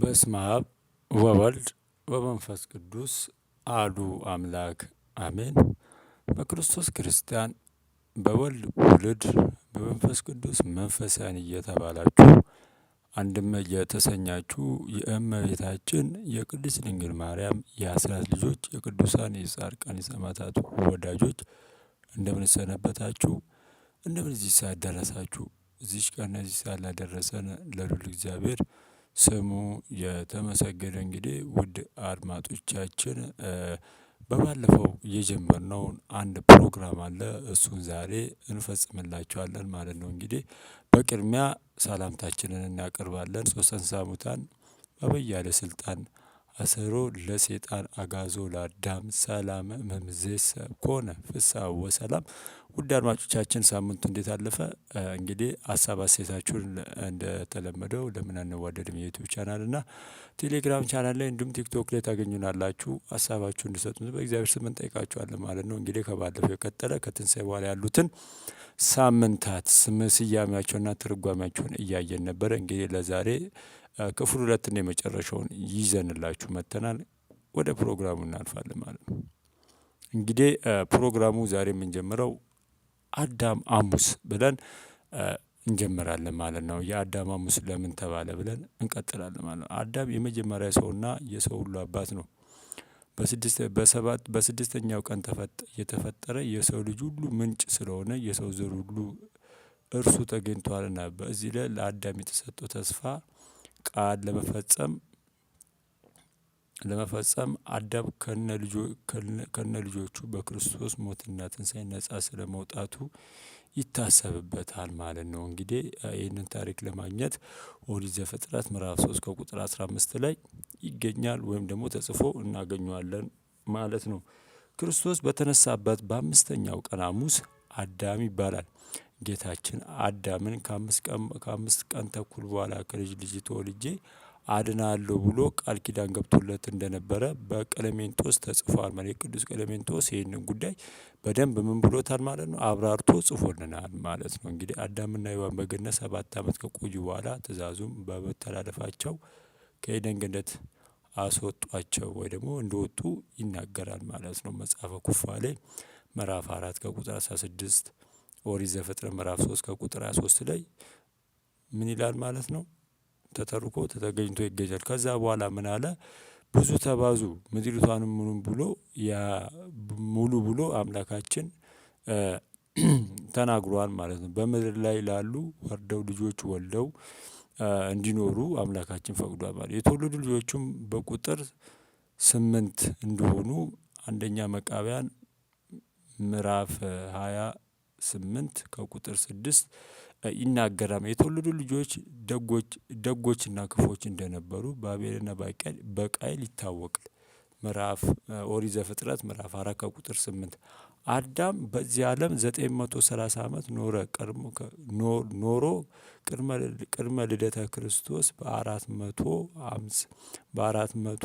በስመ አብ ወወልድ ወመንፈስ ቅዱስ አሐዱ አምላክ አሜን። በክርስቶስ ክርስቲያን በወልድ ውልድ በመንፈስ ቅዱስ መንፈሳን እየተባላችሁ አንድም እየተሰኛችሁ የእመቤታችን የቅድስት ድንግል ማርያም የአስራት ልጆች የቅዱሳን የጻድቃን የሰማዕታት ወዳጆች እንደምንሰነበታችሁ እንደምን እዚህ ሰዓት ደረሳችሁ። እዚች ቀን እዚህ ሰዓት ላደረሰን ለሉል እግዚአብሔር ስሙ የተመሰገነ እንግዲህ ውድ አድማጮቻችን በባለፈው የጀመርነውን አንድ ፕሮግራም አለ እሱን ዛሬ እንፈጽምላቸዋለን ማለት ነው። እንግዲህ በቅድሚያ ሰላምታችንን እናቀርባለን ሶስተን ሳሙታን በበያለ ስልጣን አሰሮ ለሴጣን አጋዞ ለአዳም ሰላም እምይእዜሰ ኮነ ፍስሐ ወሰላም። ውድ አድማጮቻችን ሳምንቱ እንዴት አለፈ? እንግዲህ ሀሳብ አስተያየታችሁን እንደተለመደው ለምን አንዋደድም የዩቲዩብ ቻናል እና ቴሌግራም ቻናል ላይ እንዲሁም ቲክቶክ ላይ ታገኙናላችሁ። ሀሳባችሁ እንድሰጡን በእግዚአብሔር ስም እንጠይቃችኋለን ማለት ነው። እንግዲህ ከባለፈው የቀጠለ ከትንሣኤ በኋላ ያሉትን ሳምንታት ስም ስያሜያቸውና ትርጓሜያቸውን እያየን ነበረ። እንግዲህ ለዛሬ ክፍል ሁለትና የመጨረሻውን ይዘንላችሁ መጥተናል። ወደ ፕሮግራሙ እናልፋለን ማለት ነው። እንግዲህ ፕሮግራሙ ዛሬ የምንጀምረው አዳም አሙስ ብለን እንጀምራለን ማለት ነው። የአዳም አሙስ ለምን ተባለ ብለን እንቀጥላለን ማለት ነው። አዳም የመጀመሪያ ሰውና የሰው ሁሉ አባት ነው። በስድስተኛው ቀን የተፈጠረ የሰው ልጅ ሁሉ ምንጭ ስለሆነ የሰው ዘር ሁሉ እርሱ ተገኝቷልና በዚህ ላይ ለአዳም የተሰጠው ተስፋ ቃል ለመፈጸም ለመፈጸም አዳም ከነ ልጆቹ በክርስቶስ ሞትና ነጻ ነፃ ስለመውጣቱ ይታሰብበታል ማለት ነው። እንግዲህ ይህንን ታሪክ ለማግኘት ኦሪት ዘፍጥረት ምዕራፍ ሶስት ከቁጥር አስራ አምስት ላይ ይገኛል ወይም ደግሞ ተጽፎ እናገኘዋለን ማለት ነው። ክርስቶስ በተነሳበት በአምስተኛው ቀን ሐሙስ አዳም ይባላል። ጌታችን አዳምን ከአምስት ቀን ተኩል በኋላ ከልጅ ልጅ ተወልጄ አድናለሁ ብሎ ቃል ኪዳን ገብቶለት እንደነበረ በቀለሜንጦስ ተጽፏል። ማለት ቅዱስ ቀለሜንጦስ ይህንን ጉዳይ በደንብ ምን ብሎታል ማለት ነው አብራርቶ ጽፎልናል ማለት ነው። እንግዲህ አዳምና ሔዋን በገነት ሰባት ዓመት ከቆዩ በኋላ ትእዛዙም በመተላለፋቸው ከኤደን ገነት አስወጧቸው ወይ ደግሞ እንደወጡ ይናገራል ማለት ነው። መጽሐፈ ኩፋሌ ምዕራፍ አራት ከቁጥር አስራ ስድስት ኦሪት ዘፍጥረት ምዕራፍ 3 ከቁጥር 23 ላይ ምን ይላል ማለት ነው? ተተርኮ ተተገኝቶ ይገኛል። ከዛ በኋላ ምን አለ? ብዙ ተባዙ ምድሪቷንም ሙሉ ብሎ ያ ሙሉ ብሎ አምላካችን ተናግሯል ማለት ነው። በምድር ላይ ላሉ ወርደው ልጆች ወልደው እንዲኖሩ አምላካችን ፈቅዷል ማለት የተወለዱ ልጆቹም በቁጥር ስምንት እንደሆኑ አንደኛ መቃቢያን ምዕራፍ ሃያ ስምንት ከቁጥር ስድስት ይናገራል። የተወለዱ ልጆች ደጎች ደጎችና ክፎች እንደነበሩ በአቤልና በቃይል በቃይል ይታወቃል። ምዕራፍ ኦሪት ዘፍጥረት ምዕራፍ አራት ከቁጥር ስምንት አዳም በዚህ አለም ዘጠኝ መቶ ሰላሳ አመት ኖረ ኖሮ ቅድመ ልደተ ክርስቶስ በአራት መቶ አምስ በአራት መቶ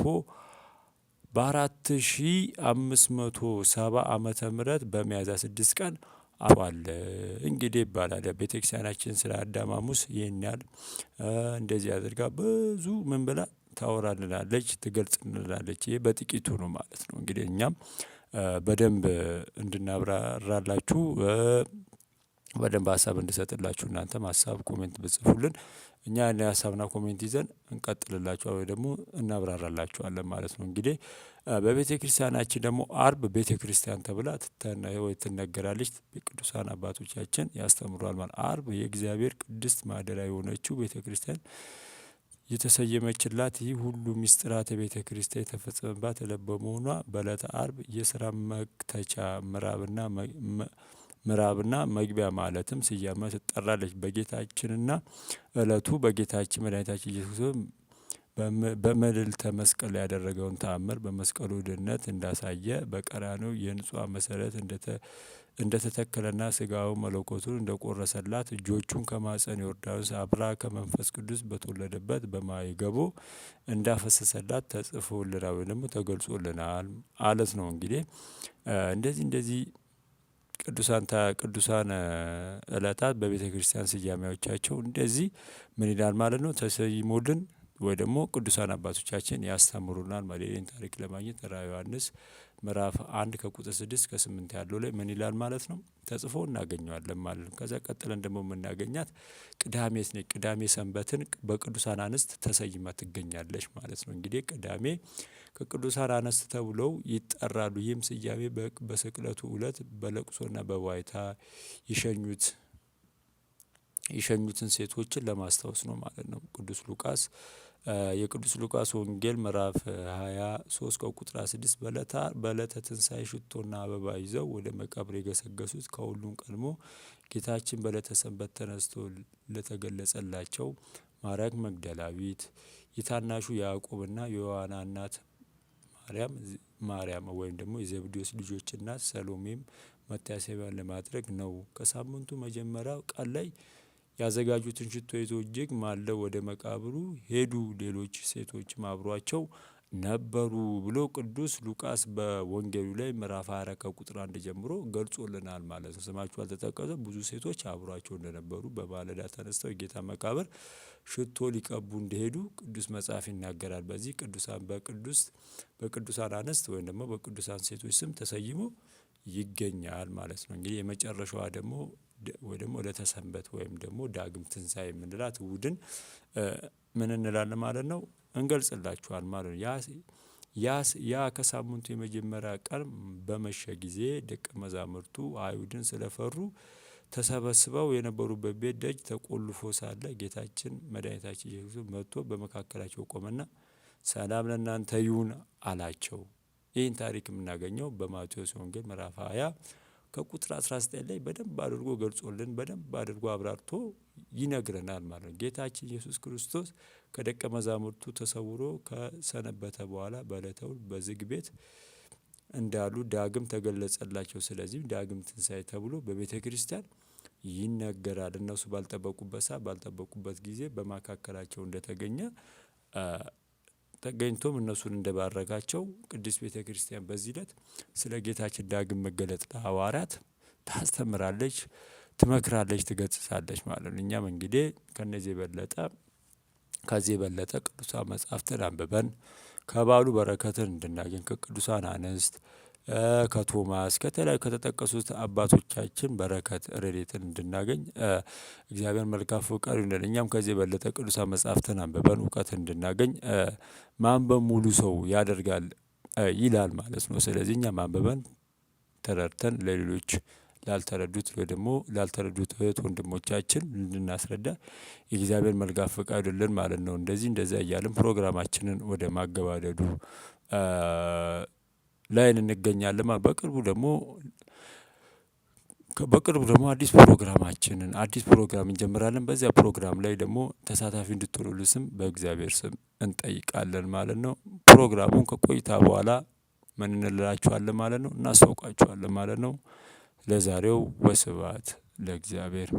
በአራት ሺ አምስት መቶ ሰባ ዓመተ ምህረት በሚያዝያ ስድስት ቀን አባል እንግዲህ ይባላል። ቤተክርስቲያናችን ስለ አዳም ሐሙስ ይህን ያህል እንደዚህ አድርጋ ብዙ ምን ብላ ታወራልናለች ትገልጽልናለች። ይህ በጥቂቱ ነው ማለት ነው። እንግዲህ እኛም በደንብ እንድናብራራላችሁ በደንብ ሀሳብ እንድሰጥላችሁ እናንተም ሀሳብ ኮሜንት ብጽፉልን እኛ ያን ሀሳብና ኮሜንት ይዘን እንቀጥልላችኋል ወይ ደግሞ እናብራራላችኋለን ማለት ነው። እንግዲህ በቤተ ክርስቲያናችን ደግሞ አርብ ቤተ ክርስቲያን ተብላ ትነገራለች። ቅዱሳን አባቶቻችን ያስተምሯል ማለት አርብ የእግዚአብሔር ቅድስት ማደሪያ የሆነችው ቤተ ክርስቲያን የተሰየመችላት ይህ ሁሉ ምስጢራት ቤተ ክርስቲያን የተፈጸመባት በመሆኗ በዕለተ አርብ የስራ መክተቻ ምዕራብና ምዕራብና መግቢያ ማለትም ስያሜ ትጠራለች። በጌታችንና እለቱ በጌታችን መድኃኒታችን ኢየሱስ በመልዕልተ መስቀል ያደረገውን ተአምር በመስቀሉ ድነት እንዳሳየ በቀራንዮው የንጹሐ መሰረት እንደተተከለና ስጋው መለኮቱን እንደቆረሰላት እጆቹን ከማፀን ዮርዳኖስ አብራ ከመንፈስ ቅዱስ በተወለደበት በማይገቦ እንዳፈሰሰላት ተጽፎልናል ወይም ደግሞ ተገልጾልናል ማለት ነው። እንግዲህ እንደዚህ እንደዚህ ቅዱሳን ቅዱሳን እለታት በቤተ ክርስቲያን ስያሜዎቻቸው እንደዚህ ምን ይላል ማለት ነው ተሰይሞልን ወይ ደግሞ ቅዱሳን አባቶቻችን ያስተምሩናል። ማለት ይህን ታሪክ ለማግኘት ራ ዮሐንስ ምዕራፍ አንድ ከቁጥር ስድስት ከስምንት ያለው ላይ ምን ይላል ማለት ነው ተጽፎ እናገኘዋለን ማለት ነው። ከዛ ቀጥለን ደግሞ የምናገኛት ቅዳሜ ቅዳሜ ሰንበትን በቅዱሳን አንስት ተሰይማ ትገኛለች ማለት ነው። እንግዲህ ቅዳሜ ከቅዱሳን አንስት ተብለው ይጠራሉ። ይህም ስያሜ በስቅለቱ ዕለት በለቅሶና በዋይታ ይሸኙት የሸኙትን ሴቶችን ለማስታወስ ነው ማለት ነው። ቅዱስ ሉቃስ የቅዱስ ሉቃስ ወንጌል ምዕራፍ 23 ከቁጥር 16 በለታ በለተ ትንሣኤ ሽቶና አበባ ይዘው ወደ መቃብር የገሰገሱት ከሁሉም ቀድሞ ጌታችን በለተ ሰንበት ተነስቶ ለተገለጸላቸው ማርያም መግደላዊት የታናሹ ያዕቆብና የዮሐና እናት ማርያም ማርያም ወይም ደግሞ የዘብዴዎስ ልጆች እናት ሰሎሜም መታሰቢያን ለማድረግ ነው። ከሳምንቱ መጀመሪያ ቀን ላይ ያዘጋጁትን ሽቶ ይዞ እጅግ ማለው ወደ መቃብሩ ሄዱ። ሌሎች ሴቶችም አብሯቸው ነበሩ ብሎ ቅዱስ ሉቃስ በወንጌሉ ላይ ምዕራፍ 24 ከቁጥር አንድ ጀምሮ ገልጾልናል ማለት ነው። ስማቸው አልተጠቀሰ ብዙ ሴቶች አብሯቸው እንደነበሩ በማለዳ ተነስተው የጌታ መቃብር ሽቶ ሊቀቡ እንደሄዱ ቅዱስ መጽሐፍ ይናገራል። በዚህ ቅዱሳን በቅዱስ በቅዱሳን አነስት ወይም ደግሞ በቅዱሳን ሴቶች ስም ተሰይሞ ይገኛል ማለት ነው። እንግዲህ የመጨረሻዋ ደግሞ ወይ ደግሞ ዕለተ ሰንበት ወይም ደግሞ ዳግም ትንሣኤ የምንላት እሁድን ምን እንላለን ማለት ነው እንገልጽላችኋል ማለት ነው። ያ ከሳምንቱ የመጀመሪያ ቀን በመሸ ጊዜ ደቀ መዛሙርቱ አይሁድን ስለፈሩ ተሰበስበው የነበሩበት ቤት ደጅ ተቆልፎ ሳለ ጌታችን መድኃኒታችን ኢየሱስ ክርስቶስ መጥቶ በመካከላቸው ቆመና ሰላም ለእናንተ ይሁን አላቸው። ይህን ታሪክ የምናገኘው በማቴዎስ ወንጌል ምዕራፍ 20 ከቁጥር 19 ላይ በደንብ አድርጎ ገልጾልን በደንብ አድርጎ አብራርቶ ይነግረናል ማለት ነው። ጌታችን ኢየሱስ ክርስቶስ ከደቀ መዛሙርቱ ተሰውሮ ከሰነበተ በኋላ በዕለተ እሁድ በዝግ ቤት እንዳሉ ዳግም ተገለጸላቸው። ስለዚህም ዳግም ትንሣኤ ተብሎ በቤተ ክርስቲያን ይነገራል። እነሱ ባልጠበቁበት ሰዓት ባልጠበቁበት ጊዜ በመካከላቸው እንደተገኘ ተገኝቶም እነሱን እንደባረካቸው ቅዱስ ቤተ ክርስቲያን በዚህ ዕለት ስለ ጌታችን ዳግም መገለጥ ለሐዋርያት ታስተምራለች፣ ትመክራለች፣ ትገጽሳለች ማለት ነው። እኛም እንግዲህ ከነዚህ የበለጠ ከዚህ የበለጠ ቅዱሳን መጻሕፍትን አንብበን ከባሉ በረከትን እንድናገኝ ከቅዱሳን አንስት ከቶማስ ከተለያዩ ከተጠቀሱት አባቶቻችን በረከት ረድኤትን እንድናገኝ እግዚአብሔር መልካም ፈቃዱ ይሁንልን። እኛም ከዚህ የበለጠ ቅዱሳን መጻሕፍትን አንብበን እውቀት እንድናገኝ ማንበብ ሙሉ ሰው ያደርጋል ይላል ማለት ነው። ስለዚህ እኛ ማንበበን ተረድተን ለሌሎች ላልተረዱት ወይ ደግሞ ላልተረዱት እህት ወንድሞቻችን እንድናስረዳ የእግዚአብሔር መልካ ፈቃዱ ይሁንልን ማለት ነው። እንደዚህ እንደዚያ እያልን ፕሮግራማችንን ወደ ማገባደዱ ላይ እንገኛለን። በቅርቡ ደግሞ በቅርቡ ደግሞ አዲስ ፕሮግራማችንን አዲስ ፕሮግራም እንጀምራለን። በዚያ ፕሮግራም ላይ ደግሞ ተሳታፊ እንድትሆኑልን ስም በእግዚአብሔር ስም እንጠይቃለን ማለት ነው። ፕሮግራሙን ከቆይታ በኋላ ምን እንላችኋለን ማለት ነው እናስታውቃችኋለን ማለት ነው። ለዛሬው ወስብሐት ለእግዚአብሔር